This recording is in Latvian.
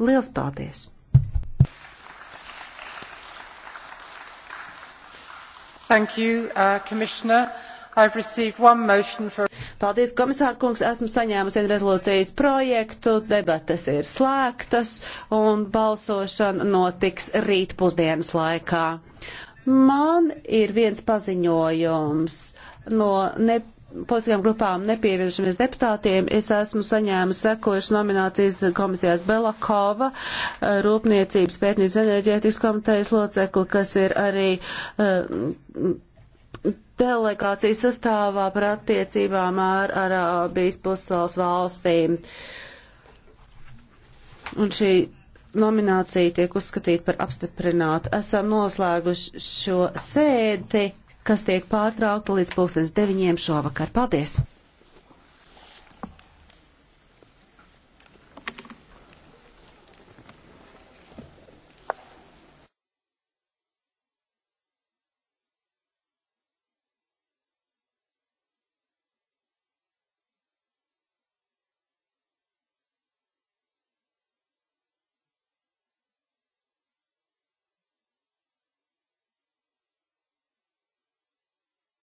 Liels paldies! Thank you, uh, Commissioner. I've received one motion for... Paldies, komisāra kungs. Esmu saņēmusi vienu rezolūcijas projektu. Debates ir slēgtas un balsošana notiks rīt pusdienas laikā. Man ir viens paziņojums no ne politiskajām grupām nepievienošamies deputātiem. Es esmu saņēmusi sekojušas nominācijas komisijās Belakova, eh, Rūpniecības pētniecības enerģētikas komitejas locekli, kas ir arī uh, delegācijas sastāvā par attiecībām ar Arābijas pusvalsts valstīm. Un šī nominācija tiek uzskatīta par apstiprinātu. Esam noslēguši šo sēdi kas tiek pārtraukta līdz pulkstens deviņiem šovakar. Paldies!